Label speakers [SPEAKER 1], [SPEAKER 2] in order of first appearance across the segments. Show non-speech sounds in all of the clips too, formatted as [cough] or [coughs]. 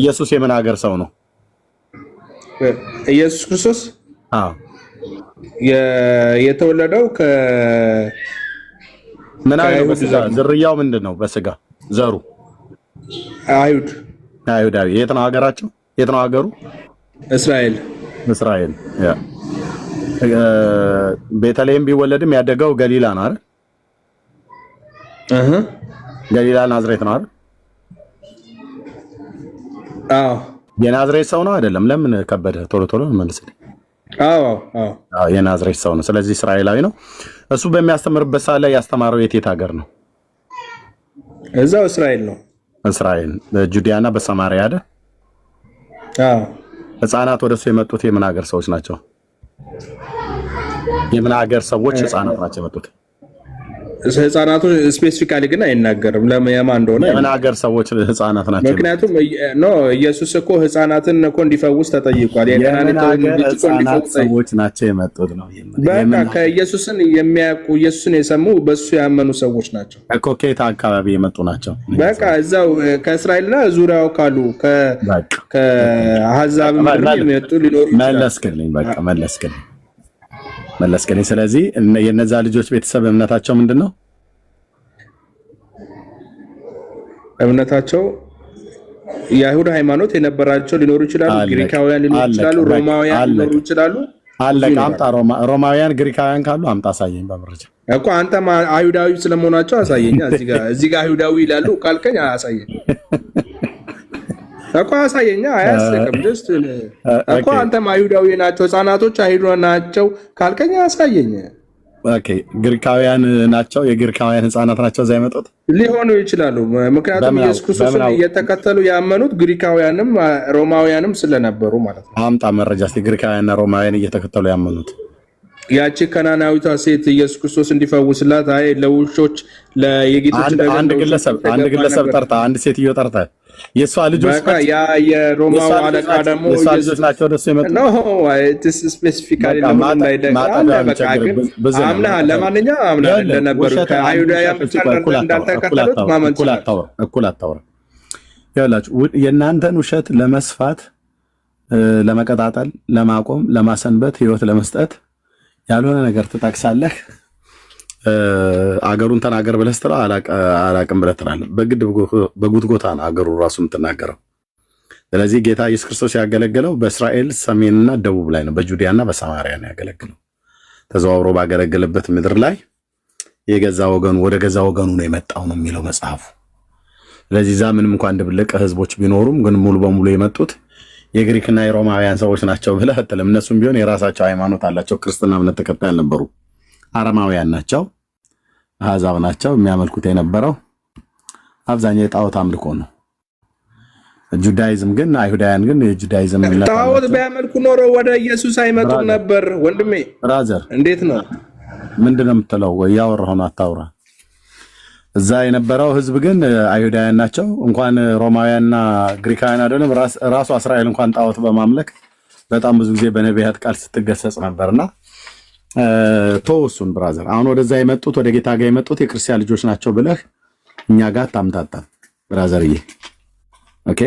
[SPEAKER 1] ኢየሱስ የምን ሀገር ሰው ነው?
[SPEAKER 2] ኢየሱስ ክርስቶስ አዎ፣ የተወለደው ከ
[SPEAKER 1] ምን ዝርያው ምንድን ነው? በስጋ ዘሩ አይሁድ አይሁዳዊ። የት ነው ሀገራቸው? የት ነው ሀገሩ? እስራኤል እስራኤል። ቤተልሔም ቢወለድም ያደገው ገሊላ ነው አይደል? ገሊላ ናዝሬት ነው አይደል? የናዝሬት ሰው ነው አይደለም? ለምን ከበደ ቶሎ ቶሎ መልስልኝ። የናዝሬት ሰው ነው። ስለዚህ እስራኤላዊ ነው። እሱ በሚያስተምርበት ሰዓት ላይ ያስተማረው የቴት ሀገር ነው?
[SPEAKER 2] እዛው እስራኤል ነው።
[SPEAKER 1] እስራኤል ጁዲያና በሰማሪያ አደ ህጻናት ወደ እሱ የመጡት የምን ሀገር ሰዎች ናቸው? የምን ሀገር ሰዎች ህጻናት ናቸው የመጡት?
[SPEAKER 2] ህጻናቱ ስፔሲፊካሊ ግን አይናገርም ለየማ እንደሆነ
[SPEAKER 1] የምን ሀገር ሰዎች ህጻናት ናቸው።
[SPEAKER 2] ምክንያቱም ኖ ኢየሱስ እኮ ህጻናትን እኮ እንዲፈውስ ተጠይቋል።
[SPEAKER 1] ሰዎች ናቸው የመጡት ነው።
[SPEAKER 2] ከኢየሱስን የሚያውቁ ኢየሱስን የሰሙ በሱ ያመኑ ሰዎች ናቸው
[SPEAKER 1] እኮ ከየት አካባቢ የመጡ ናቸው?
[SPEAKER 2] በቃ እዛው ከእስራኤልና ዙሪያው ካሉ ከአህዛብ
[SPEAKER 1] የመጡ ሊኖሩ መለስክልኝ፣ በቃ መለስክልኝ መለስከኝ። ስለዚህ የነዛ ልጆች ቤተሰብ እምነታቸው ምንድን ነው?
[SPEAKER 2] እምነታቸው የአይሁድ ሃይማኖት የነበራቸው ሊኖሩ ይችላሉ። ግሪካውያን ሊኖሩ ይችላሉ። ሮማውያን ሊኖሩ ይችላሉ።
[SPEAKER 1] አለቀ። አምጣ ሮማውያን፣ ግሪካውያን ካሉ አምጣ አሳየኝ በመረጃ
[SPEAKER 2] እኮ። አንተ አይሁዳዊ ስለመሆናቸው አሳየኝ። እዚህ ጋር አይሁዳዊ ይላሉ ካልከኝ አሳየኝ። [laughs] እኮ አሳየኛ አያስቅም። ጀስት እኮ አንተም አይሁዳዊ ናቸው ህጻናቶች አይዶ ናቸው ካልከኝ አሳየኝ።
[SPEAKER 1] ኦኬ ግሪካውያን ናቸው የግሪካውያን ህጻናት ናቸው እዛ የመጡት
[SPEAKER 2] ሊሆኑ ይችላሉ። ምክንያቱም ኢየሱስ ክርስቶስን እየተከተሉ ያመኑት ግሪካውያንም ሮማውያንም ስለነበሩ ማለት
[SPEAKER 1] ነው። አምጣ መረጃ እስኪ ግሪካውያንና ሮማውያን እየተከተሉ ያመኑት
[SPEAKER 2] ያቺ ከናናዊቷ ሴት ኢየሱስ ክርስቶስ እንዲፈውስላት አይ ለውሾች ለየጌቶች
[SPEAKER 1] አንድ ግለሰብ አንድ ግለሰብ ጠርታ አንድ ሴትዮ ጠርታ የእሷ ልጆች
[SPEAKER 2] ያ የሮማው አለቃ ደግሞ
[SPEAKER 1] ልጆች ናቸው ወደሱ
[SPEAKER 2] የመጡአምናል ለማንኛ አምናል እንደነበሩ
[SPEAKER 1] ከአይሁዳውያን እኩል አታውራ ይላችሁ የእናንተን ውሸት ለመስፋት ለመቀጣጠል ለማቆም ለማሰንበት ህይወት ለመስጠት ያልሆነ ነገር ትጠቅሳለህ። አገሩን ተናገር ብለህ ስትለው አላቅም ብለህ ትላለህ። በግድ በጉትጎታ ነው አገሩ ራሱ የምትናገረው። ስለዚህ ጌታ ኢየሱስ ክርስቶስ ያገለገለው በእስራኤል ሰሜንና ደቡብ ላይ ነው። በጁዲያና በሰማሪያ ነው ያገለገለው። ተዘዋውሮ ባገለገለበት ምድር ላይ የገዛ ወገኑ ወደ ገዛ ወገኑ ነው የመጣው ነው የሚለው መጽሐፉ። ስለዚህ እዛ ምንም እንኳን ድብልቅ ህዝቦች ቢኖሩም ግን ሙሉ በሙሉ የመጡት የግሪክና የሮማውያን ሰዎች ናቸው ብለህ አትልም። እነሱም ቢሆን የራሳቸው ሃይማኖት አላቸው። ክርስትና እምነት ተከታይ አልነበሩ። አረማውያን ናቸው፣ አህዛብ ናቸው። የሚያመልኩት የነበረው አብዛኛው የጣዖት አምልኮ ነው። ጁዳይዝም ግን አይሁዳውያን ግን የጁዳይዝም
[SPEAKER 2] ጣዖት ቢያመልኩ ኖሮ ወደ ኢየሱስ አይመጡም ነበር። ወንድሜ ራዘር እንዴት ነው
[SPEAKER 1] ምንድነው የምትለው? እያወራሁ ነው፣ አታውራ እዛ የነበረው ህዝብ ግን አይሁዳውያን ናቸው። እንኳን ሮማውያንና ግሪካውያን አይደለም ራሱ እስራኤል እንኳን ጣዖት በማምለክ በጣም ብዙ ጊዜ በነቢያት ቃል ስትገሰጽ ነበርና ቶውሱን ብራዘር፣ አሁን ወደዛ የመጡት ወደ ጌታ ጋር የመጡት የክርስቲያን ልጆች ናቸው ብለህ እኛ ጋር ታምታታም ብራዘርዬ። ኦኬ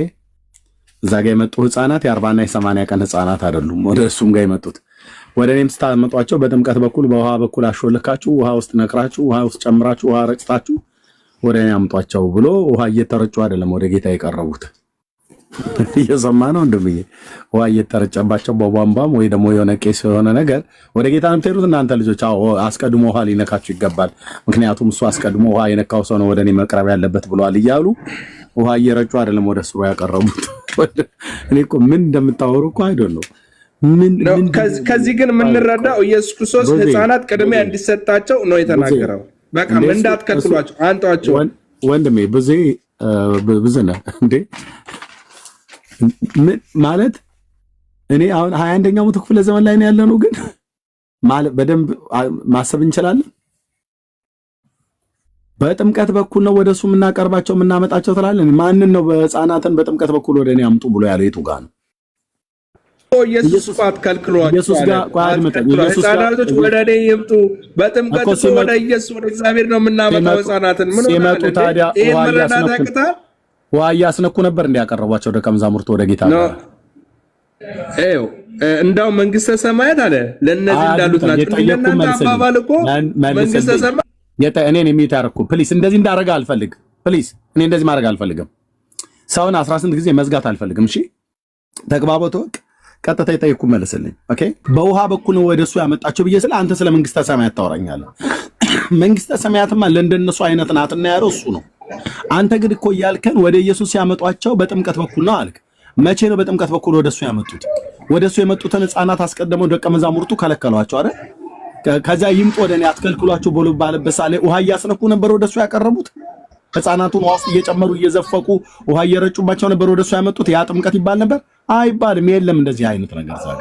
[SPEAKER 1] እዛ ጋር የመጡ ህፃናት የአርባና የሰማንያ ቀን ህፃናት አይደሉም። ወደ እሱም ጋር የመጡት ወደ እኔም ስታመጧቸው በጥምቀት በኩል በውሃ በኩል አሾልካችሁ ውሃ ውስጥ ነቅራችሁ ውሃ ውስጥ ጨምራችሁ ውሃ ረጭታችሁ ወደ እኔ አምጧቸው ብሎ ውሃ እየተረጩ አይደለም ወደ ጌታ የቀረቡት። [laughs] እየሰማ ነው ወንድምዬ። ውሃ እየተረጨባቸው በቧንቧም ወይ ደግሞ የሆነ ቄስ የሆነ ነገር ወደ ጌታ ነው የምትሄዱት እናንተ ልጆች። አስቀድሞ ውሃ ሊነካችሁ ይገባል፣ ምክንያቱም እሱ አስቀድሞ ውሃ የነካው ሰው ነው ወደ እኔ መቅረብ ያለበት ብለዋል እያሉ ውሃ እየረጩ አይደለም ወደ ስሩ ያቀረቡት። [laughs] እኔ እኮ ምን እንደምታወሩ እኮ አይደለም።
[SPEAKER 2] ከዚህ ግን የምንረዳው ኢየሱስ ክርስቶስ ህፃናት ቅድሚያ እንዲሰጣቸው ነው የተናገረው። በቃ እንዳትከትሏቸው፣ አንጧቸው።
[SPEAKER 1] ወንድሜ ብዙ ብዙ ነህ እንዴ? ማለት እኔ አሁን ሀያ አንደኛው መቶ ክፍለ ዘመን ላይ ነው ያለ ነው። ግን በደንብ ማሰብ እንችላለን። በጥምቀት በኩል ነው ወደ እሱ የምናቀርባቸው የምናመጣቸው ትላለን። ማንን ነው በህፃናትን በጥምቀት በኩል ወደ እኔ አምጡ ብሎ ያለው የቱ ጋ ነው?
[SPEAKER 2] ኢየሱስ ቋት ኢየሱስ ጋር ወደ እኔ ይምጡ። በጥምቀት ወደ ኢየሱስ ወደ እግዚአብሔር ነው የምናመጣው
[SPEAKER 1] ምን ሲመጡ ታዲያ ውሃ እያስነኩ ነበር እንደ ደቀ መዛሙርቱ ወደ ጌታ
[SPEAKER 2] ነው። እንዳው መንግስተ ሰማያት አለ ለእነዚህ እንዳሉት
[SPEAKER 1] ናቸው። እናንተ አባባል እኮ መንግስተ ሰማያት እኔን የሚታረኩ ፕሊስ፣ እንደዚህ እንዳረጋ አልፈልግ ፕሊስ። እኔ እንደዚህ ማድረግ አልፈልግም። ሰውን አስራ ስንት ጊዜ መዝጋት አልፈልግም። እሺ ተግባቦት ወቅ ቀጥታ የጠየኩ መልስልኝ። ኦኬ በውሃ በኩል ወደ ወደሱ ያመጣቸው ብዬ ስለ አንተ ስለ መንግስተ ሰማያት ታወራኛለህ። [coughs] መንግስተ ሰማያትማ ለእንደነሱ አይነት ናትና ያለው እሱ ነው። አንተ ግን እኮ እያልከን ወደ ኢየሱስ ያመጧቸው በጥምቀት በኩል ነው አልክ። መቼ ነው በጥምቀት በኩል ወደ ያመጡት? ወደ የመጡትን ህፃናት አስቀድመው ደቀ መዛሙርቱ ከለከሏቸው አይደል? ከዚያ ይምጡ ወደ እኔ አትከልክሏቸው ብሎ ባለበት ላይ ውሃ እያስነኩ ነበር ወደሱ ያቀረቡት ህፃናቱን ውሃ ውስጥ እየጨመሩ እየዘፈቁ ውሃ እየረጩባቸው ነበር ወደሱ ያመጡት። ያ ጥምቀት ይባል ነበር አይባልም። የለም እንደዚህ አይነት ነገር ዛሬ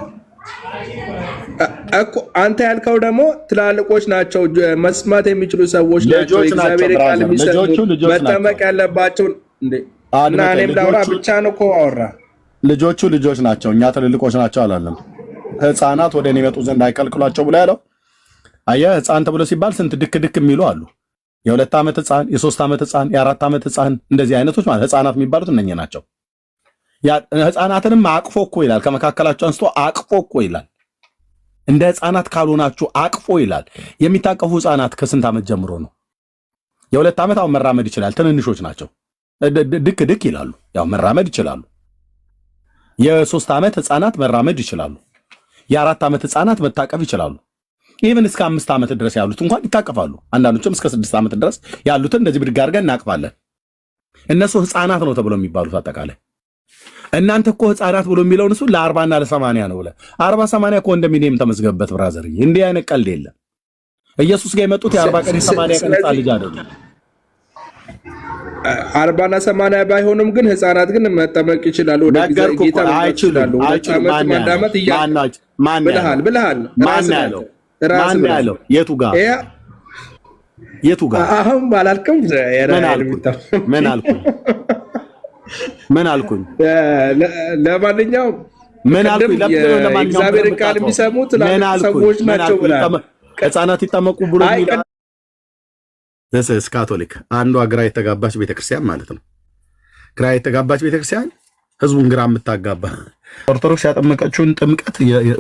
[SPEAKER 2] እኮ አንተ ያልከው ደግሞ ትላልቆች ናቸው፣ መስማት የሚችሉ ሰዎች
[SPEAKER 1] ናቸው። እግዚአብሔር ቃል
[SPEAKER 2] የሚሰሙ መጠመቅ ያለባቸው እና እኔም ላውራ ብቻ ነው እኮ አወራ።
[SPEAKER 1] ልጆቹ ልጆች ናቸው፣ እኛ ትልልቆች ናቸው አላለም። ህፃናት ወደ እኔ ይመጡ ዘንድ አይቀልቅሏቸው ብሎ ያለው አየህ፣ ህፃን ተብሎ ሲባል ስንት ድክ ድክ የሚሉ አሉ። የሁለት ዓመት ህፃን፣ የሶስት ዓመት ህፃን፣ የአራት ዓመት ህፃን እንደዚህ አይነቶች ማለት ህፃናት የሚባሉት እነኝ ናቸው። ህፃናትንም አቅፎ እኮ ይላል። ከመካከላቸው አንስቶ አቅፎ እኮ ይላል። እንደ ህፃናት ካልሆናችሁ አቅፎ ይላል። የሚታቀፉ ህፃናት ከስንት ዓመት ጀምሮ ነው? የሁለት ዓመት አሁን መራመድ ይችላል። ትንንሾች ናቸው። ድክ ድክ ይላሉ። ያው መራመድ ይችላሉ። የሶስት ዓመት ህፃናት መራመድ ይችላሉ። የአራት ዓመት ህፃናት መታቀፍ ይችላሉ። ኢቨን እስከ አምስት ዓመት ድረስ ያሉት እንኳን ይታቀፋሉ። አንዳንዶችም እስከ ስድስት ዓመት ድረስ ያሉትን እንደዚህ ብድግ አድርገን እናቅፋለን። እነሱ ህፃናት ነው ተብሎ የሚባሉት አጠቃላይ እናንተ እኮ ህፃናት ብሎ የሚለውን እሱ ለአርባና ለሰማንያ ነው ብለ አርባ ሰማንያ ኮንዶሚኒየም ተመዝገብበት ብራዘር፣ እንዲህ አይነት ቀልድ የለም። ኢየሱስ ጋር የመጡት የአርባ ቀን የሰማንያ ቀን ህፃን ልጅ አይደለም።
[SPEAKER 2] አርባና ሰማንያ ባይሆኑም ግን ህፃናት ግን መጠመቅ ይችላሉ። ወደ
[SPEAKER 1] ጌታ ይችላሉ። ማዳመጥ እያ ብልሃል ብልሃል ራስ ያለው የቱ ጋር የቱ ጋር
[SPEAKER 2] አሁን ባላልከም
[SPEAKER 1] ምን አልኩኝ? ምን አልኩኝ?
[SPEAKER 2] ለማንኛውም ምን አልኩኝ? እግዚአብሔርን ቃል
[SPEAKER 1] ሰዎች ናቸው ብላል። ይጠመቁ ብሎ ካቶሊክ አንዷ ግራ የተጋባች ቤተክርስቲያን ማለት ነው። ግራ የተጋባች ቤተክርስቲያን ህዝቡን ግራ የምታጋባ ኦርቶዶክስ ያጠመቀችውን ጥምቀት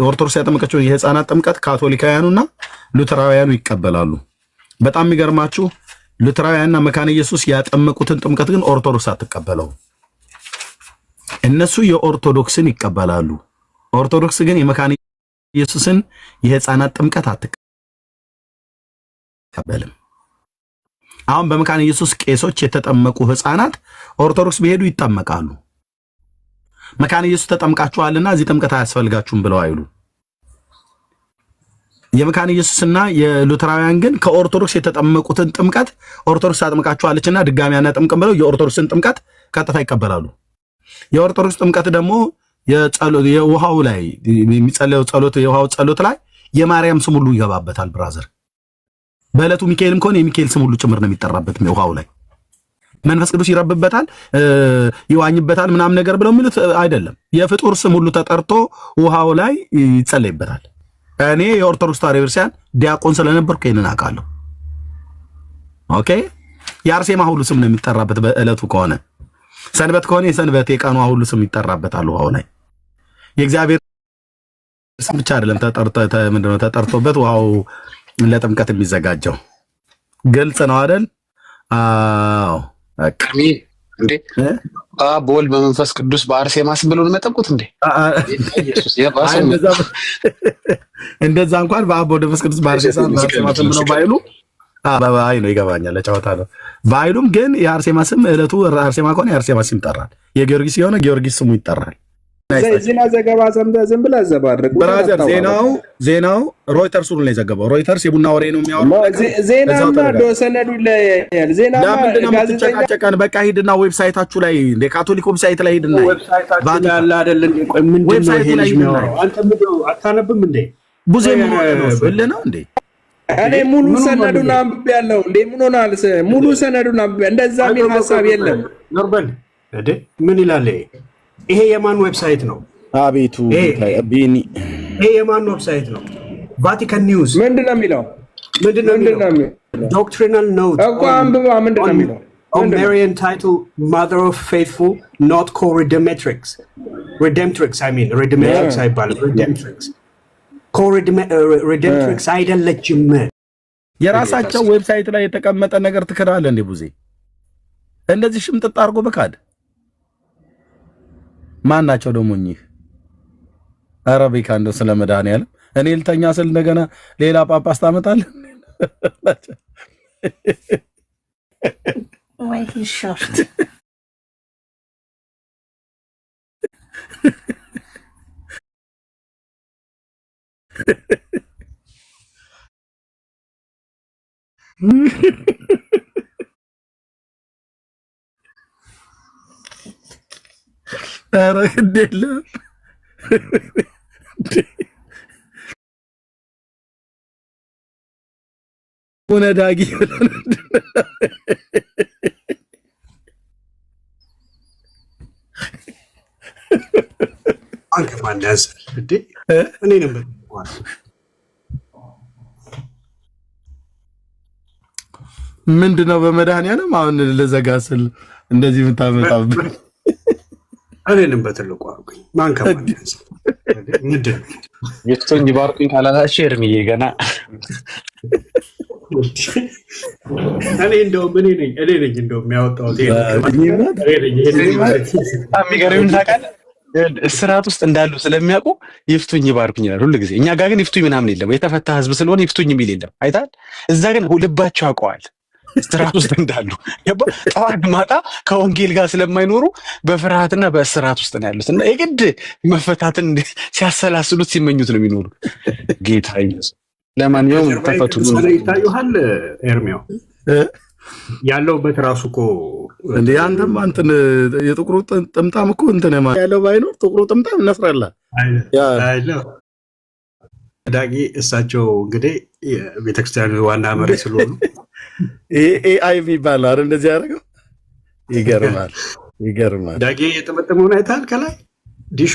[SPEAKER 1] ኦርቶዶክስ ያጠመቀችው የህፃናት ጥምቀት ካቶሊካውያኑና ሉተራውያኑ ይቀበላሉ። በጣም የሚገርማችሁ ሉተራውያንና መካነ ኢየሱስ ያጠመቁትን ጥምቀት ግን ኦርቶዶክስ አትቀበለው። እነሱ የኦርቶዶክስን ይቀበላሉ። ኦርቶዶክስ ግን የመካነ ኢየሱስን የህፃናት ጥምቀት አትቀበልም። አሁን በመካነ ኢየሱስ ቄሶች የተጠመቁ ህፃናት ኦርቶዶክስ ቢሄዱ ይጠመቃሉ። መካነ ኢየሱስ ተጠምቃችኋልና እዚህ ጥምቀት አያስፈልጋችሁም ብለው አይሉ። የመካነ ኢየሱስና የሉተራውያን ግን ከኦርቶዶክስ የተጠመቁትን ጥምቀት ኦርቶዶክስ ታጥምቃችኋለችና ድጋሚ አናጠምቅም ብለው የኦርቶዶክስን ጥምቀት ቀጥታ ይቀበላሉ። የኦርቶዶክስ ጥምቀት ደግሞ የውሃው ላይ የሚጸለየው ጸሎት የውሃው ጸሎት ላይ የማርያም ስም ሁሉ ይገባበታል። ብራዘር በዕለቱ ሚካኤልም ከሆነ የሚካኤል ስም ሁሉ ጭምር ነው የሚጠራበት ውሃው ላይ መንፈስ ቅዱስ ይረብበታል፣ ይዋኝበታል፣ ምናምን ነገር ብለው የሚሉት አይደለም። የፍጡር ስም ሁሉ ተጠርቶ ውሃው ላይ ይጸለይበታል። እኔ የኦርቶዶክስ ተዋሕዶ ቤተክርስቲያን ዲያቆን ስለነበርኩ ይህንን አውቃለሁ። ኦኬ። የአርሴማ ሁሉ ስም ነው የሚጠራበት በእለቱ ከሆነ ሰንበት ከሆነ የሰንበት የቀኗ ሁሉ ስም ይጠራበታል ውሃው ላይ የእግዚአብሔር ስም ብቻ አይደለም ምንድነው ተጠርቶበት ውሃው ለጥምቀት የሚዘጋጀው ግልጽ ነው አይደል አዎ
[SPEAKER 2] ቅድሜ እንዴ በወልድ በመንፈስ ቅዱስ በአርሴማ ስም ብሎ መጠቁት እንዴ?
[SPEAKER 1] እንደዛ እንኳን በአብ በወልድ በመንፈስ ቅዱስ በአርሴማ ስም ብሎ ባይሉ በአይ ነው ይገባኛል፣ ለጨዋታ ነው ባይሉም ግን የአርሴማ ስም ዕለቱ አርሴማ ከሆነ የአርሴማ ስም ይጠራል። የጊዮርጊስ የሆነ ጊዮርጊስ ስሙ ይጠራል።
[SPEAKER 2] ዜና ዘገባ ዝም ብለህ አዘባርቅ።
[SPEAKER 1] ብራዘር ዜናው ዜናው ሮይተርስ ነው የዘገበው። ሮይተርስ የቡና ወሬ ነው የሚያወራው።
[SPEAKER 2] ዜናማ ሰነዱ ይለያያል። ዜናማ
[SPEAKER 1] ለምንድን ነው የምትጨቃጨቀን? በቃ ሂድና ዌብሳይታችሁ ላይ የካቶሊክ ዌብሳይት ላይ ሂድና ያለ አይደል? ዌብሳይቱ ላይ አታነብም እንዴ? ብዙ የምንሆነ ነው
[SPEAKER 2] ብልህ ነው እንዴ? እኔ ሙሉ ሰነዱን አንብቤያለሁ። እንዴ ምን ሆናል? ሙሉ ሰነዱን አንብቤያለሁ። እንደዛ የሚል ሀሳብ የለም።
[SPEAKER 1] ምን ይላል? ይሄ የማን ዌብሳይት ነው? አቤቱ ይሄ የማን ዌብሳይት ነው? ቫቲካን ኒውስ ምንድን ነው የሚለው? ምንድን ነው የሚለው? ዶክትሪናል ኖት
[SPEAKER 2] እኮ አንብባ ምንድን ነው የሚለው?
[SPEAKER 1] አይባልም uh, አይደለችም። የራሳቸው ዌብሳይት ላይ የተቀመጠ ነገር ትክዳለህ እንዴ? ቡዜ እንደዚህ ሽምጥጥ አድርጎ በካድ ማን ናቸው ደግሞ እኚህ? ኧረ ቤካ እንደው ስለ መድኃኒዓለም እኔ ልተኛ ስል እንደገና ሌላ ጳጳስ ታመጣለህ።
[SPEAKER 2] [laughs]
[SPEAKER 1] ኧረ ግድ የለም ሆነ ዳጊ ምንድነው? በመድኃኒዓለም አሁን ልዘጋ ስል እንደዚህ የምታመጣብን
[SPEAKER 2] እኔንም በትልቁ አርጉኝ። ማን ከምንድን
[SPEAKER 1] ባርኩኝ ካላላሽ እርምዬ ገና
[SPEAKER 2] እኔ እንደውም እኔ ነኝ እኔ ነኝ እንደውም ያወጣሁት
[SPEAKER 1] የሚገርምህ ታውቃለህ፣ እስራት ውስጥ እንዳሉ ስለሚያውቁ ይፍቱኝ ባርኩኝ ይላል ሁሉ ጊዜ። እኛ ጋር ግን ይፍቱኝ ምናምን የለም። የተፈታ ህዝብ ስለሆነ ይፍቱኝ የሚል የለም። አይታል እዛ ግን ልባቸው ያውቀዋል። ስራት ውስጥ እንዳሉ ጠዋት ማታ ከወንጌል ጋር ስለማይኖሩ በፍርሃትና በእስራት ውስጥ ነው ያሉት እና የግድ መፈታትን ሲያሰላስሉት ሲመኙት ነው የሚኖሩ። ጌታ ለማንኛውም ተፈቱ ይታዩሃል። ኤርሚያው ያለውበት ራሱ እኮ እንደ አንተም እንትን የጥቁሩ ጥምጣም እኮ እንትን
[SPEAKER 2] ያለው ባይኖር ጥቁሩ ጥምጣም እናስራላ ዳጊ እሳቸው እንግዲህ ቤተክርስቲያኑ ዋና መሪ ስለሆኑ
[SPEAKER 1] [laughs] ኤአይ የሚባል ነው አይደል? እንደዚህ ያደርገው ይገርማል፣ ይገርማል። ዳጊ የጠመጠመውን አይተሃል? ከላይ ዲሹ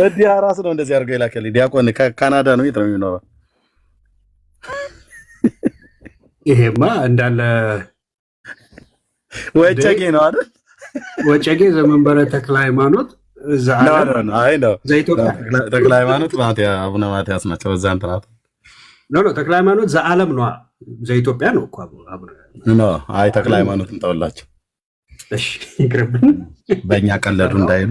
[SPEAKER 1] ወዲ አራስ ነው እንደዚህ አድርገው የላከልኝ። ዲያቆን ካናዳ ነው፣ የት ነው የሚኖረው?
[SPEAKER 2] ይሄማ እንዳለ
[SPEAKER 1] ወጨጌ ነው አይደል?
[SPEAKER 2] ወጨጌ ዘመንበረ ተክለ ሃይማኖት
[SPEAKER 1] ተክለ ሃይማኖት አቡነ ማትያስ ናቸው። በዛ እንትን
[SPEAKER 2] ተክለ ሃይማኖት ዘአለም ነዋ። ዘኢትዮጵያ ነው እኮ
[SPEAKER 1] አይ ተክለ ሃይማኖት እንጠውላቸው። በእኛ ቀለዱ እንዳይሉ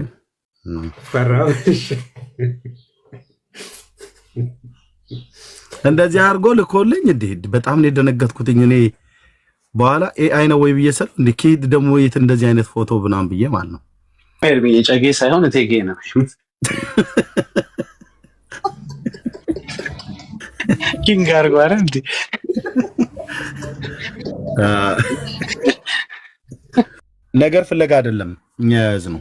[SPEAKER 1] እንደዚህ አድርጎ ልኮልኝ እንዲህ በጣም ነው የደነገጥኩትኝ። እኔ በኋላ ኤአይ ነው ወይ ብዬ ስለው እንዲህ ደግሞ የት እንደዚህ አይነት ፎቶ ብዬ ማለት ነው
[SPEAKER 2] ሜር ብዬ ሳይሆን እቴጌ ነው። ኪንግ አርጎ አይደል
[SPEAKER 1] ነገር ፍለጋ አይደለም እኛ ነው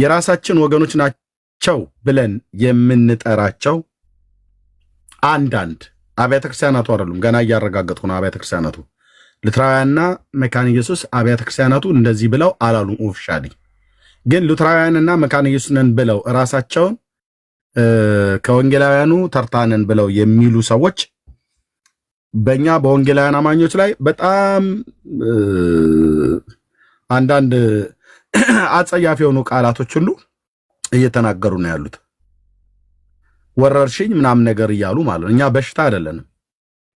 [SPEAKER 1] የራሳችን ወገኖች ናቸው ብለን የምንጠራቸው አንዳንድ አብያተ ክርስቲያናቱ አይደሉም። ገና እያረጋገጥኩ ነው። አብያተ ክርስቲያናቱ ልትራውያንና መካነ ኢየሱስ አብያተ ክርስቲያናቱ እንደዚህ ብለው አላሉም ኦፊሻሊ ግን ሉትራውያንና መካነ ኢየሱስ ነን ብለው እራሳቸውን ከወንጌላውያኑ ተርታነን ብለው የሚሉ ሰዎች በእኛ በወንጌላውያን አማኞች ላይ በጣም አንዳንድ [clears throat] አጸያፊ የሆኑ ቃላቶች ሁሉ እየተናገሩ ነው ያሉት። ወረርሽኝ ምናምን ነገር እያሉ ማለት ነው። እኛ በሽታ አይደለንም።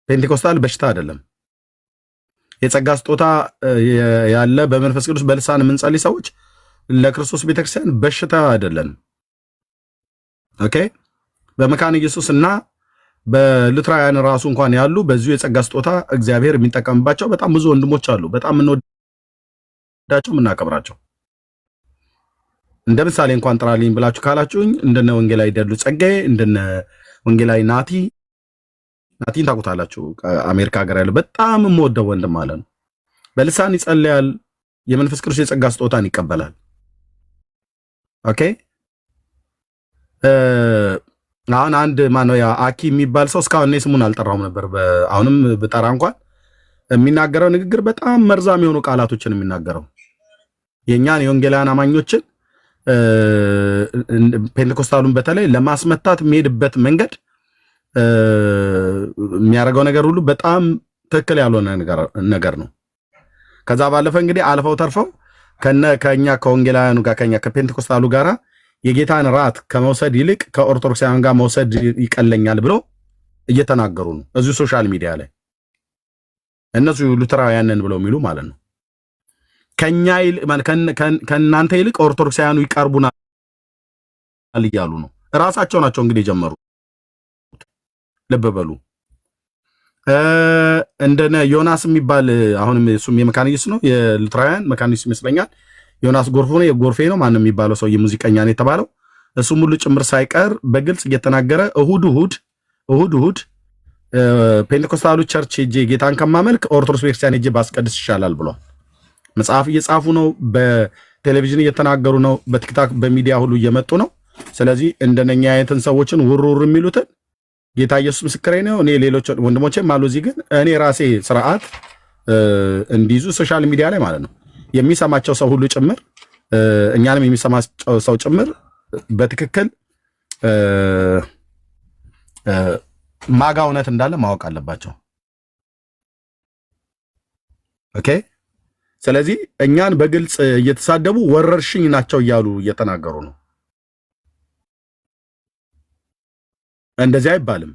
[SPEAKER 1] ፔንቴኮስታል በሽታ አይደለም። የጸጋ ስጦታ ያለ በመንፈስ ቅዱስ በልሳን የምንጸልይ ሰዎች ለክርስቶስ ቤተክርስቲያን በሽታ አይደለን። ኦኬ በመካን ኢየሱስ እና ራሱ እንኳን ያሉ በዚሁ የጸጋ ስጦታ እግዚአብሔር የሚጠቀምባቸው በጣም ብዙ ወንድሞች አሉ። በጣም የምንወዳቸው የምናከብራቸው፣ እንደ ምሳሌ እንኳን ጥራልኝ ብላችሁ ካላችሁኝ እንደነ ወንጌላዊ ደሉ ጸጋዬ፣ እንደነ ወንጌላዊ ናቲ ናቲን ታውቁታላችሁ። አሜሪካ ሀገር ያለው በጣም የምወደው ወንድም ማለት ነው። በልሳን ይጸለያል። የመንፈስ ቅዱስ የጸጋ ስጦታን ይቀበላል። ኦኬ አሁን አንድ ነው ያ አኪ የሚባል ሰው እስካሁን እኔ ስሙን አልጠራውም ነበር። አሁንም ብጠራ እንኳን የሚናገረው ንግግር በጣም መርዛም የሆኑ ቃላቶችን የሚናገረው የእኛን የወንጌላውያን አማኞችን ፔንቴኮስታሉን በተለይ ለማስመታት የሚሄድበት መንገድ የሚያደርገው ነገር ሁሉ በጣም ትክክል ያልሆነ ነገር ነው። ከዛ ባለፈ እንግዲህ አልፈው ተርፈው ከኛ ከወንጌላውያኑ ጋር ከኛ ከፔንቴኮስታሉ ጋር የጌታን ራት ከመውሰድ ይልቅ ከኦርቶዶክሳውያን ጋር መውሰድ ይቀለኛል ብለው እየተናገሩ ነው። እዚሁ ሶሻል ሚዲያ ላይ እነሱ ሉተራውያንን ብለው የሚሉ ማለት ነው። ከእናንተ ይልቅ ኦርቶዶክሳውያኑ ይቀርቡናል እያሉ ነው። እራሳቸው ናቸው እንግዲህ የጀመሩት። ልብ በሉ። እንደነ ዮናስ የሚባል አሁንም እሱም የመካኒስ ነው የልትራውያን መካኒስ ይመስለኛል። ዮናስ ጎርፎ ነው የጎርፌ ነው ማንም የሚባለው ሰው ሙዚቀኛ ነው የተባለው እሱም ሁሉ ጭምር ሳይቀር በግልጽ እየተናገረ እሁድ እሁድ እሁድ እሁድ ፔንቴኮስታሉ ቸርች ሄጄ ጌታን ከማመልክ ኦርቶዶክስ ቤተክርስቲያን ሄጄ ባስቀድስ ይሻላል ብሏል። መጽሐፍ እየጻፉ ነው፣ በቴሌቪዥን እየተናገሩ ነው፣ በቲክታክ በሚዲያ ሁሉ እየመጡ ነው። ስለዚህ እንደነኛ አይነትን ሰዎችን ውርውር የሚሉትን ጌታ ኢየሱስ ምስክሬ ነው። እኔ ሌሎች ወንድሞቼም አሉ እዚህ ግን እኔ ራሴ ስርዓት እንዲይዙ ሶሻል ሚዲያ ላይ ማለት ነው የሚሰማቸው ሰው ሁሉ ጭምር እኛንም የሚሰማቸው ሰው ጭምር በትክክል ማጋ እውነት እንዳለ ማወቅ አለባቸው። ኦኬ። ስለዚህ እኛን በግልጽ እየተሳደቡ ወረርሽኝ ናቸው እያሉ እየተናገሩ ነው። እንደዚህ አይባልም።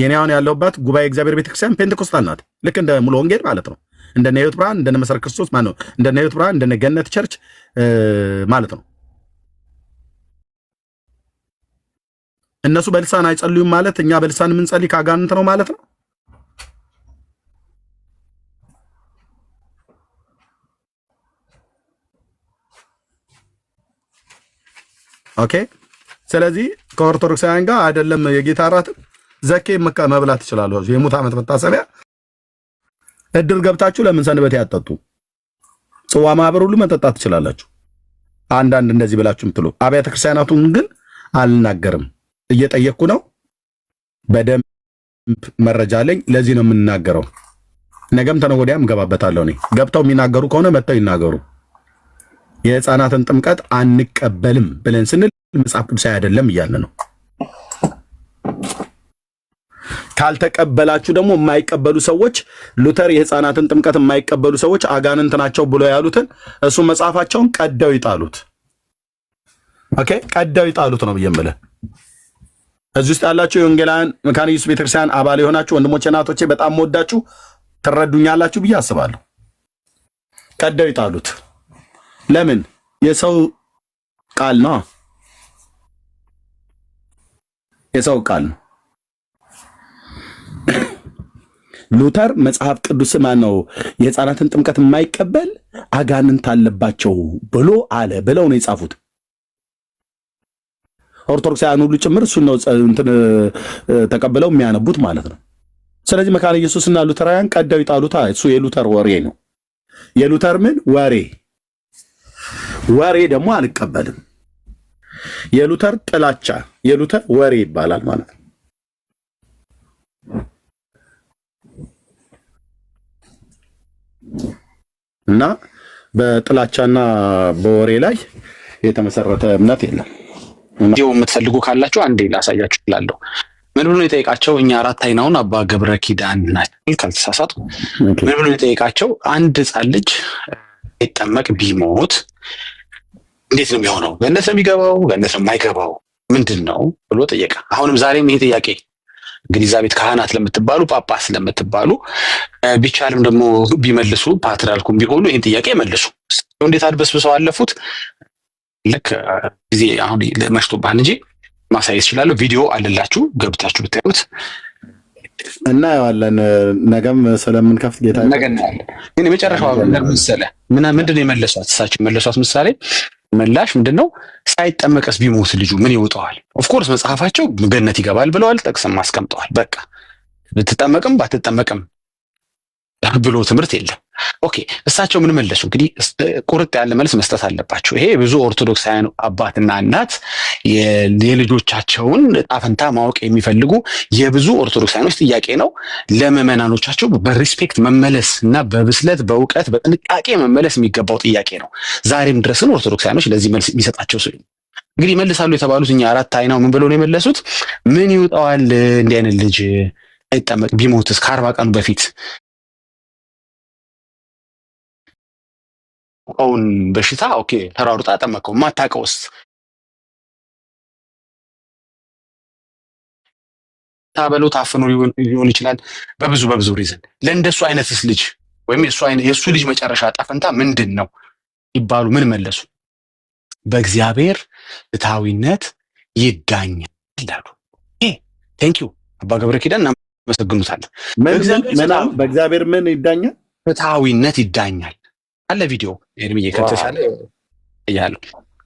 [SPEAKER 1] የኔ አሁን ያለሁባት ጉባኤ እግዚአብሔር ቤተክርስቲያን ፔንቴኮስታል ናት። ልክ እንደ ሙሉ ወንጌል ማለት ነው። እንደ ሕይወት ብርሃን፣ እንደ መሰረት ክርስቶስ ማለት ነው። እንደ ሕይወት ብርሃን፣ እንደ ገነት ቸርች ማለት ነው። እነሱ በልሳን አይጸልዩም ማለት እኛ በልሳን የምንጸልይ ከአጋንንት ነው ማለት ነው። ኦኬ ስለዚህ ከኦርቶዶክሳውያን ጋር አይደለም የጌታ እራትን ዘኬ መብላት ይችላሉ። የሙት ዓመት መታሰቢያ እድር ገብታችሁ ለምን ሰንበት ያጠጡ ጽዋ ማህበር ሁሉ መጠጣት ትችላላችሁ። አንዳንድ እንደዚህ ብላችሁ ምትሉ አብያተ ክርስቲያናቱን ግን አልናገርም። እየጠየቅኩ ነው። በደንብ መረጃ አለኝ። ለዚህ ነው የምንናገረው ነገም ተነገ ገባበታለሁ እገባበታለሁ። እኔ ገብተው የሚናገሩ ከሆነ መጥተው ይናገሩ። የህፃናትን ጥምቀት አንቀበልም ብለን ስንል መጽሐፍ ቅዱሳዊ አይደለም እያለ ነው። ካልተቀበላችሁ ደግሞ የማይቀበሉ ሰዎች ሉተር የህፃናትን ጥምቀት የማይቀበሉ ሰዎች አጋንንት ናቸው ብሎ ያሉትን እሱ መጽሐፋቸውን ቀደው ይጣሉት። ኦኬ ቀደው ይጣሉት ነው ብዬ የምልህ። እዚህ ውስጥ ያላችሁ የወንጌላውያን መካነ ኢየሱስ ቤተክርስቲያን አባል የሆናችሁ ወንድሞቼ እናቶቼ በጣም መወዳችሁ ትረዱኛላችሁ ብዬ አስባለሁ። ቀደው ይጣሉት። ለምን የሰው ቃል ነው። የሰው ቃል ነው። ሉተር መጽሐፍ ቅዱስ ማ ነው የህፃናትን ጥምቀት የማይቀበል አጋንንት አለባቸው ብሎ አለ ብለው ነው የጻፉት። ኦርቶዶክሳውያን ሁሉ ጭምር እሱን ነው እንትን ተቀብለው የሚያነቡት ማለት ነው። ስለዚህ መካነ እና ሉተራውያን ቀደው ይጣሉታ። እሱ የሉተር ወሬ ነው። የሉተር ምን ወሬ ወሬ ደግሞ አልቀበልም። የሉተር ጥላቻ የሉተር ወሬ ይባላል ማለት ነው። እና በጥላቻና በወሬ ላይ የተመሰረተ እምነት የለም። ጊዜው የምትፈልጉ ካላችሁ አንዴ ላሳያችሁ እላለሁ። ምን ብሎ የጠየቃቸው እኛ አራት አይናውን አባ ገብረ ኪዳን ናቸው ካልተሳሳቱ፣ ምን ብሎ የጠየቃቸው አንድ ህፃን ልጅ ይጠመቅ ቢሞት እንዴት ነው የሚሆነው? ገነት ነው የሚገባው? ገነት ነው የማይገባው ምንድን ነው ብሎ ጠየቀ። አሁንም ዛሬም ይሄ ጥያቄ እንግዲህ እዛ ቤት ካህናት ለምትባሉ ጳጳስ ለምትባሉ ቢቻልም ደግሞ ቢመልሱ ፓትርያርኩም ቢሆኑ ይህን ጥያቄ መልሱ። እንዴት አድበስብሰው አለፉት። ልክ ጊዜ አሁን መሽቶብሃል እንጂ ማሳየት እችላለሁ። ቪዲዮ አለላችሁ ገብታችሁ ብታዩት
[SPEAKER 2] እናየዋለን። ነገም ስለምንከፍት ጌታ ነገ እናያለን። ግን የመጨረሻው ምንድን ነው የመለሷት? እሳቸው የመለሷት ምሳሌ ምላሽ ምንድን ነው? ሳይጠመቀስ ቢሞት ልጁ ምን ይውጠዋል? ኦፍኮርስ መጽሐፋቸው ገነት ይገባል ብለዋል፣ ጥቅስም አስቀምጠዋል። በቃ ብትጠመቅም ባትጠመቅም ብሎ ትምህርት የለም። ኦኬ እሳቸው ምን መለሱ? እንግዲህ ቁርጥ ያለ መልስ መስጠት አለባቸው። ይሄ ብዙ ኦርቶዶክሳውያን አባትና እናት የልጆቻቸውን ዕጣ ማወቅ የሚፈልጉ የብዙ ኦርቶዶክሳውያኖች ጥያቄ ነው። ለምዕመናኖቻቸው በሪስፔክት መመለስ እና በብስለት በእውቀት በጥንቃቄ መመለስ የሚገባው ጥያቄ ነው። ዛሬም ድረስን ኦርቶዶክሳውያኖች ለዚህ መልስ የሚሰጣቸው ሰው እንግዲህ መልሳሉ የተባሉት እኛ አራት አይናው ምን ብለው ነው የመለሱት? ምን ይውጠዋል እንዲህ አይነት ልጅ አይጠመቅ ቢሞትስ ከአርባ ቀኑ በፊት የምታውቀውን በሽታ ኦኬ ተሯሩጣ ጠመቀው። ማታውቀውስ ታበለው ታፍኖ ሊሆን ይችላል። በብዙ በብዙ ሪዝን ለእንደሱ አይነትስ ልጅ ወይም የእሱ ልጅ መጨረሻ ጠፈንታ ምንድን ነው ይባሉ ምን መለሱ? በእግዚአብሔር ፍትሐዊነት ይዳኛል ይላሉ። ቴንኪዩ አባ ገብረ ኪዳን እናመሰግኑታለን። በእግዚአብሔር ምን ይዳኛል? ፍትሐዊነት ይዳኛል። አለ ቪዲዮ ኤርሚዬ ከተሻለ እያለ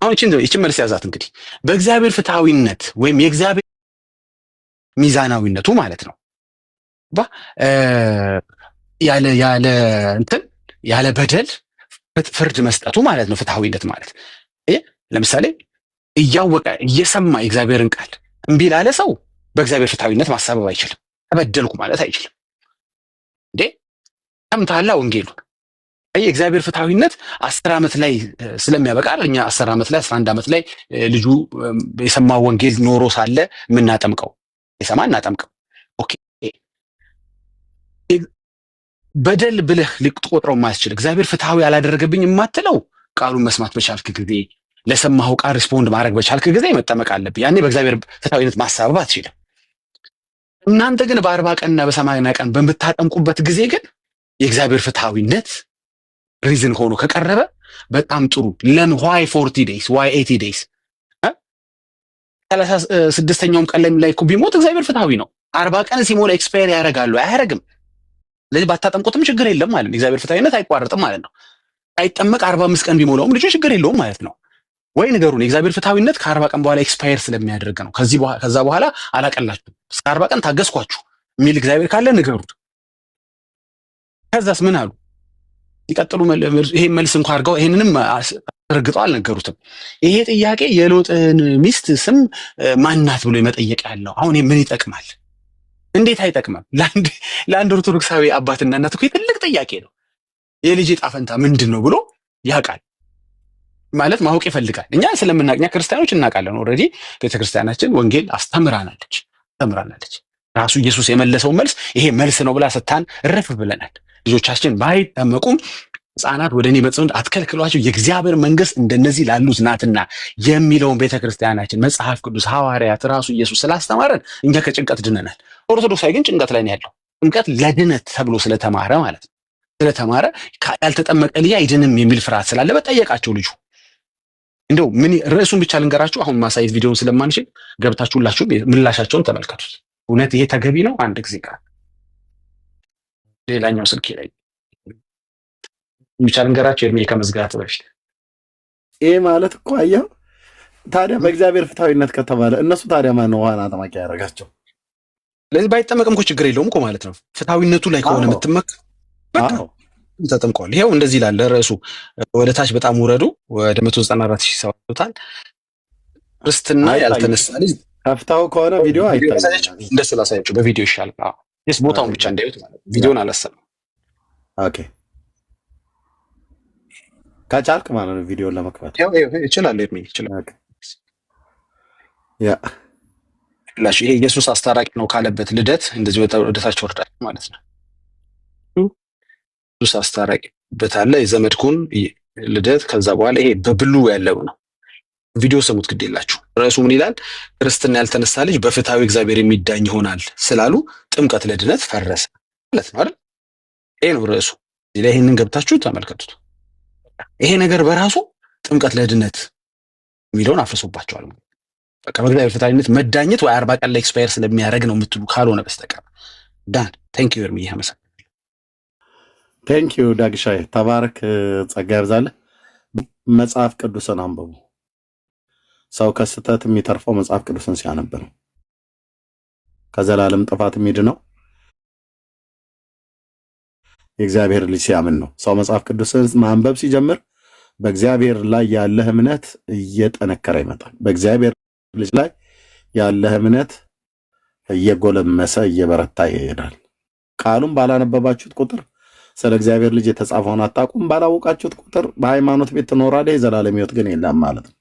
[SPEAKER 2] አሁን እችን ይችን መልስ ያዛት እንግዲህ በእግዚአብሔር ፍትሐዊነት ወይም የእግዚአብሔር ሚዛናዊነቱ ማለት ነው ያለ ያለ እንትን ያለ በደል ፍርድ መስጠቱ ማለት ነው ፍትሐዊነት ማለት ለምሳሌ እያወቀ እየሰማ የእግዚአብሔርን ቃል እምቢ ላለ ሰው በእግዚአብሔር ፍትሐዊነት ማሳበብ አይችልም። ተበደልኩ ማለት አይችልም። እንዴ ሰምተሃል ወንጌሉን የእግዚአብሔር ፍትሐዊነት አስር ዓመት ላይ ስለሚያበቃል እኛ አስር ዓመት ላይ አስራ አንድ ዓመት ላይ ልጁ የሰማው ወንጌል ኖሮ ሳለ የምናጠምቀው የሰማ እናጠምቀው። ኦኬ በደል ብለህ ልትቆጥረው የማያስችል እግዚአብሔር ፍትሐዊ አላደረገብኝ የማትለው ቃሉን መስማት በቻልክ ጊዜ ለሰማኸው ቃል ሪስፖንድ ማድረግ በቻልክ ጊዜ መጠመቅ አለብህ። ያኔ በእግዚአብሔር ፍትሐዊነት ማሳበብ አትችልም። እናንተ ግን በአርባ ቀንና በሰማንያ ቀን በምታጠምቁበት ጊዜ ግን የእግዚአብሔር ፍትሐዊነት ሪዝን ሆኖ ከቀረበ በጣም ጥሩ። ለን ዋይ ፎርቲ ዴይስ ዋይ ኤቲ ዴይስ ሰላሳ ስድስተኛውም ቀን ላይ እኮ ቢሞት እግዚአብሔር ፍትሐዊ ነው። አርባ ቀን ሲሞላ ኤክስፓየር ያደርጋሉ አያደርግም። ስለዚህ ባታጠምቁትም ችግር የለም ማለት ነው። እግዚአብሔር ፍትሐዊነት አይቋረጥም ማለት ነው። አይጠመቅ አርባ አምስት ቀን ቢሞላውም ልጆች ችግር የለውም ማለት ነው ወይ ንገሩን። የእግዚአብሔር ፍትሐዊነት ከአርባ ቀን በኋላ ኤክስፓየር ስለሚያደርግ ነው። ከዚህ ከዛ በኋላ አላቀላችሁ እስከ አርባ ቀን ታገስኳችሁ የሚል እግዚአብሔር ካለ ንገሩት። ከዛስ ምን አሉ? ሲቀጥሉ ይሄ መልስ እንኳ አድርገው ይሄንንም ረግጠው አልነገሩትም። ይሄ ጥያቄ የሎጥን ሚስት ስም ማናት ብሎ መጠየቅ ያለው አሁን ምን ይጠቅማል? እንዴት አይጠቅምም? ለአንድ [laughs] ኦርቶዶክሳዊ አባትና እናት እኮ ትልቅ ጥያቄ ነው። የልጅ ጣፈንታ ምንድን ነው ብሎ ያውቃል ማለት ማወቅ ይፈልጋል። እኛ ስለምናቅ እኛ ክርስቲያኖች እናውቃለን። ኦልሬዲ ቤተክርስቲያናችን ወንጌል አስተምራናለች አስተምራናለች። ራሱ ኢየሱስ የመለሰው መልስ ይሄ መልስ ነው ብላ ስታን እረፍ ብለናል። ልጆቻችን ባይጠመቁም ህፃናት ወደ እኔ በጽኑ አትከልክሏቸው የእግዚአብሔር መንግስት እንደነዚህ ላሉት ናትና የሚለውን ቤተ ክርስቲያናችን፣ መጽሐፍ ቅዱስ፣ ሐዋርያት ራሱ ኢየሱስ ስላስተማረን እኛ ከጭንቀት ድነናል። ኦርቶዶክሳዊ ግን ጭንቀት ላይ ያለው። ጭንቀት ለድነት ተብሎ ስለተማረ ማለት ነው ስለተማረ ያልተጠመቀ ልጅ አይድንም የሚል ፍርሃት ስላለ በጠየቃቸው ልጁ እንደው ምን ርዕሱን ብቻ ልንገራችሁ። አሁን ማሳየት ቪዲዮን ስለማንችል ገብታችሁ ሁላችሁም ምላሻቸውን ተመልከቱት። እውነት ይሄ ተገቢ ነው? አንድ ጊዜ ቃል ሌላኛው ስልክ ላይ የሚቻል እንገራቸው እድሜ ከመዝጋት በፊት ይህ ማለት እኮ አየው። ታዲያ በእግዚአብሔር ፍትሐዊነት ከተባለ እነሱ ታዲያ ማን ነው ዋና ጠማቂ ያደረጋቸው? ስለዚህ ባይጠመቅም እኮ ችግር የለውም እኮ ማለት ነው። ፍትሐዊነቱ ላይ ከሆነ የምትመክ በቃ ተጠምቀዋል። ይኸው እንደዚህ ይላል ርዕሱ ወደ ታች በጣም ውረዱ። ወደ መቶ ዘጠና አራት ሺህ ሰው ይሉታል። ክርስትና ያልተነሳ ልጅ ከፍታው ከሆነ ቪዲዮ አይታይም። እንደ ስላሳያቸው በቪዲዮ ይሻል ስ ቦታውን ብቻ እንዳዩት ማለት ቪዲዮን አላሰብም። ኦኬ ከቻልክ ማለት ነው ቪዲዮን ለመክፈት ይችላል። ሚ ይችላል። ያ ላሽ ይሄ ኢየሱስ አስታራቂ ነው ካለበት ልደት እንደዚህ ወደታች ወርዳል ማለት ነው። ኢየሱስ አስታራቂ በታለ የዘመድኩን ልደት ከዛ በኋላ ይሄ በብሉ ያለው ነው ቪዲዮ ስሙት፣ ግድ የላችሁ። ርዕሱ ምን ይላል? ክርስትና ያልተነሳ ልጅ በፍትሐዊ እግዚአብሔር የሚዳኝ ይሆናል ስላሉ ጥምቀት ለድነት ፈረሰ ማለት ነው አይደል? ይሄ ነው ርዕሱ። ይህንን ገብታችሁ ተመልከቱት። ይሄ ነገር በራሱ ጥምቀት ለድነት የሚለውን አፍርሶባቸዋል። በቃ በእግዚአብሔር ፍትሐዊነት መዳኘት ወይ አርባ ቀን ላይ ኤክስፓየር ስለሚያደርግ ነው የምትሉ ካልሆነ በስተቀር ዳን ቴንክ ዩ እርምዬ አመሰግናለሁ። ቴንክ ዩ ዳግሻይ፣ ተባረክ፣ ጸጋ ይብዛልህ። መጽሐፍ ቅዱስን አንብቡ። ሰው ከስህተት የሚተርፈው መጽሐፍ ቅዱስን ሲያነብ ነው። ከዘላለም ጥፋት ነው የእግዚአብሔር ልጅ ሲያምን ነው። ሰው መጽሐፍ ቅዱስን ማንበብ ሲጀምር በእግዚአብሔር ላይ ያለህ እምነት እየጠነከረ ይመጣል። በእግዚአብሔር ልጅ ላይ ያለህ እምነት እየጎለመሰ እየበረታ ይሄዳል። ቃሉን ባላነበባችሁት ቁጥር ስለ እግዚአብሔር ልጅ የተጻፈውን አታውቁም። ባላወቃችሁት ቁጥር በሃይማኖት ቤት ትኖራለህ፣ የዘላለም ሕይወት ግን የለም ማለት ነው።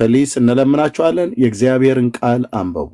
[SPEAKER 2] ፕሊስ እንለምናችኋለን። የእግዚአብሔርን ቃል አንበቡ።